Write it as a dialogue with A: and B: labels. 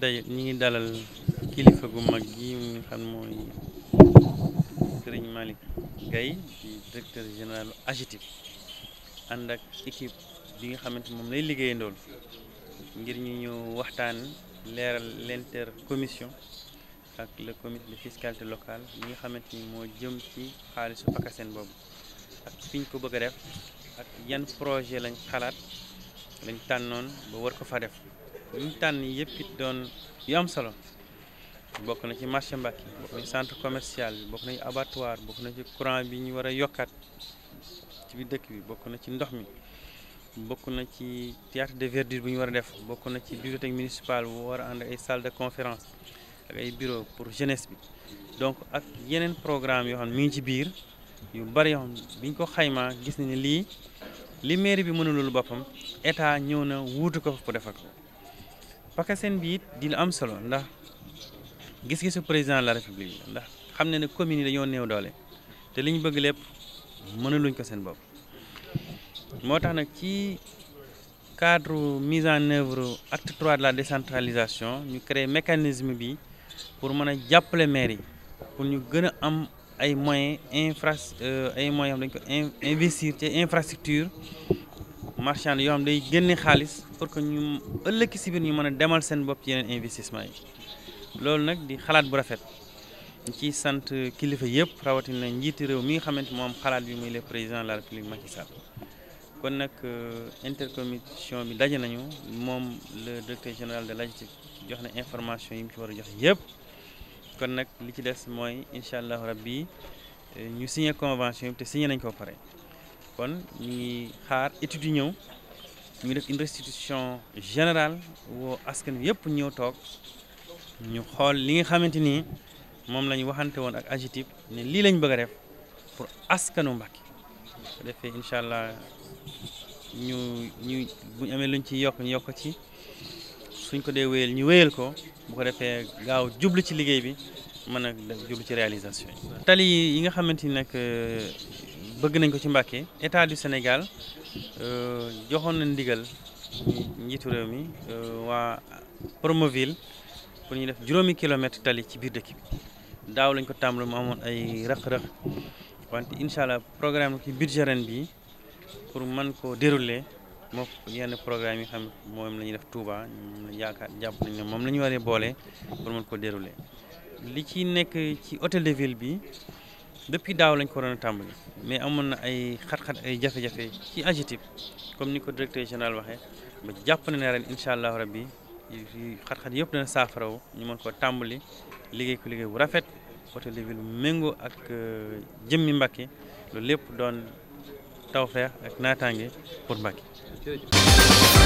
A: day ñu ngi dalal kilifa gu mag gi mu xam mooy sëriñ Malick Gaye di directeur général AGETIP ànd ak équipe bi nga xamante moom lay liggéeyandool ngir ñu ñëw waxtaan leeral commission ak le comité de fiscalité locale ñi nga xamante ni moo jëm ci xaalisu PACASEN boobu ak fi ko bëgg def ak yan projet lañ xalaat lañ tànnoon ba war ko fa def li tànn yëpp doon yu am solo bokk na ci marché Mbacké bokk na ci centre commercial bokk na ci abattoir bokk na ci courant bi ñu war a yokkaat ci biir dëkk bi bokk na ci ndox mi bokk na ci théâtre de verdure bi ñu war a def bokk na ci bibliothèque municipale bu war a ànd ay salle de conférence ak ay bureau pour jeunesse bi donc ak yeneen programme yoo xam ne mi ngi ci biir yu bari yoo xam bi ñu ko xaymaa gis nañu ne lii li mairie bi mënulul boppam état ñëw na wuutu ko defal PACASEN bi it di lu am solo ndax gis-gisu président de la république ndax xam na ne communes yi dañoo néew doole te li ñu bëgg lépp mënuluñ ko seen bopp. moo tax nag ci cadre mise en œuvre acte trois de la décentralisation ñu créé mécanisme bi pour mën a jàppale maire yi pour ñu gën a am ay moyens infra euh, ay moyens dañ ko investir ci infrastructure marchand yoo xam day génne xaalis pour que ñu ëllëg si biir ñu mën a demal seen bopp ci yeneen investissement yi loolu nag di xalaat bu rafet ñu ciy sant kilifa yëpp rawatina njiiti réew mi nga xamante moom xalaat bi muy le président de la république Macky Sall kon nag euh, intercommission bi daje nañu moom le directeur général de l'AGETIP jox na information yi mu ci war a jox yëpp kon nag li ci des mooy incha allahu rabbi euh, ñu signé convention yi te signé nañ ko pare. kon ñu ngi xaar études yi ñëw ñu ngi def une général woo askan wi yëpp ñëw toog ñu xool li nga xamante ni moom la waxante woon ak AGETIP ne lii lañ bëgg a def pour askanu Mbàkke bu defee incha allah ñu ñu buñ amee luñ ci yokk yokk ci suñ ko dee wéyal ñu wéyal ko bu ko defee gaaw jublu ci liggéey bi mën a jublu ci réalisation tali yi nga xamante ni bëgg nañ ko ci Mbàkke état du Sénégal euh, joxoon na ndigal njiitu réew mi euh, waa Promoville pour ñu def juróomi kilomètre tali ci biir dëkk bi daaw lañ ko tàmbali mu amoon ay rëq-rëq wante incha allah programme ci budget ren bi pour man koo dérouler moo yenn programme yi xam moom la ñuy def Touba ñu yaakaar jàpp nañ moom la ñu waree boole pour mën koo dérouler li ci nekk ci hôtel de ville bi. depuis daaw lañ ko waroon a tàmbali mais amoon na ay xat-xat ay jafe-jafe ci AGETIP comme ni ko directeur général waxee ba jàpp na ne ren incha allahu rabbi xat-xat yëpp dana saafaraw ñu mën koo tàmbali liggéey ko liggéey bu rafet hôtel de ville bu méngoo ak euh, jëmmi Mbacké loolu lépp doon tawfeex ak naataange pour Mbacké